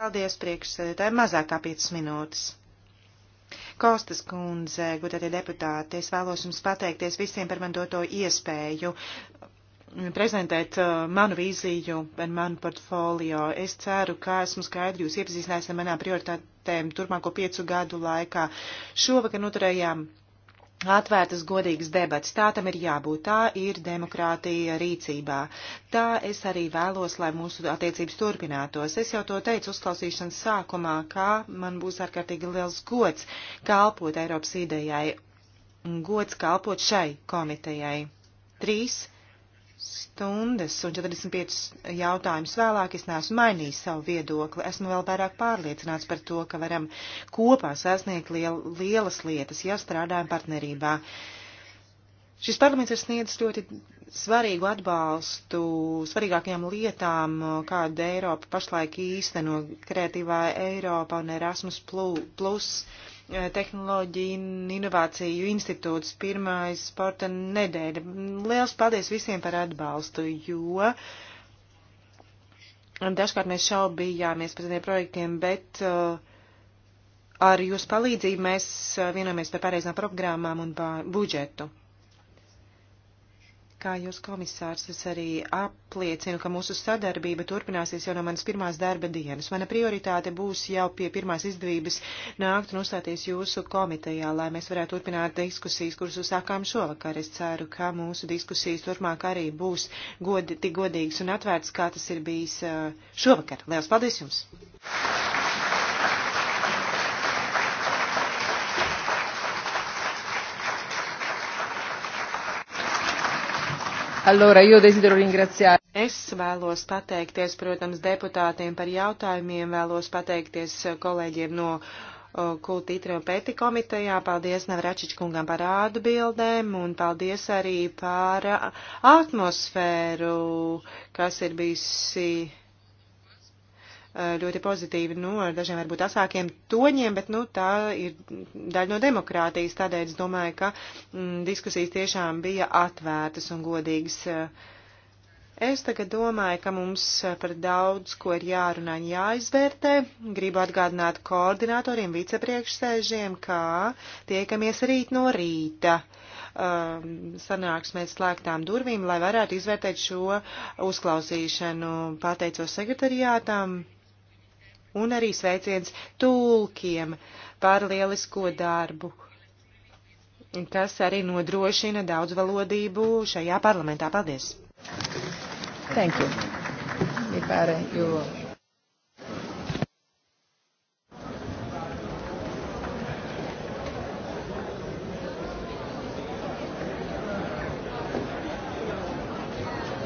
Paldies, priekšsēdētāji, mazāk kā 5 minūtes. Kostas kundze, gudētie deputāti, es vēlos jums pateikties visiem par man doto iespēju prezentēt uh, manu vīziju un manu portfolio. Es ceru, ka esmu skaidri jūs iepazīstinājis ar manām prioritātēm turpmāko piecu gadu laikā. Šovakar noturējām atvērtas godīgas debats. Tā tam ir jābūt. Tā ir demokrātija rīcībā. Tā es arī vēlos, lai mūsu attiecības turpinātos. Es jau to teicu uzklausīšanas sākumā, kā man būs ārkārtīgi liels gods kalpot Eiropas idejai un gods kalpot šai komitejai. Trīs stundas un 45 jautājumus vēlāk es neesmu mainījis savu viedokli. Esmu vēl vairāk pārliecināts par to, ka varam kopā sasniegt liel, lielas lietas, ja strādājam partnerībā. Šis parlaments ir sniedzis ļoti svarīgu atbalstu svarīgākajām lietām, kāda Eiropa pašlaik īsteno kreatīvā Eiropa un Erasmus Plus eh, tehnoloģiju un inovāciju institūts pirmais sporta nedēļa. Liels paldies visiem par atbalstu, jo dažkārt mēs šaubījāmies par tiem projektiem, bet eh, ar jūsu palīdzību mēs eh, vienojamies par pareizām programmām un par budžetu. Kā jūs komisārs, es arī apliecinu, ka mūsu sadarbība turpināsies jau no manas pirmās darba dienas. Mana prioritāte būs jau pie pirmās izdevības nākt un uzstāties jūsu komitejā, lai mēs varētu turpināt diskusijas, kuras uzsākām šovakar. Es ceru, ka mūsu diskusijas turpmāk arī būs godi, tik godīgas un atvērtas, kā tas ir bijis uh, šovakar. Lielas paldies jums! Allora, io desidero ringraziare. Es vēlos pateikties, protams, deputātiem par jautājumiem, vēlos pateikties kolēģiem no Kulta Itra un Pēti komitejā. Paldies Navračič kungam par atbildēm un paldies arī par atmosfēru, kas ir bijusi Eh, ļoti pozitīvi no nu, dažiem varbūt asākiem toņiem, bet nu, tā ir daļa no demokrātijas. Tādēļ es domāju, ka mm, diskusijas tiešām bija atvērtas un godīgas. Eh, es tagad domāju, ka mums eh, par daudz, ko ir jārunā un jāizvērtē. Gribu atgādināt koordinatoriem, vicepriekšsēžiem, kā tiekamies rīt no rīta ehm, sanāksmēs slēgtām durvīm, lai varētu izvērtēt šo uzklausīšanu. Pateicos sekretariātām un arī sveiciens tulkiem par lielisko darbu, kas arī nodrošina daudzvalodību šajā parlamentā. Paldies! Thank you. Mi pare, you...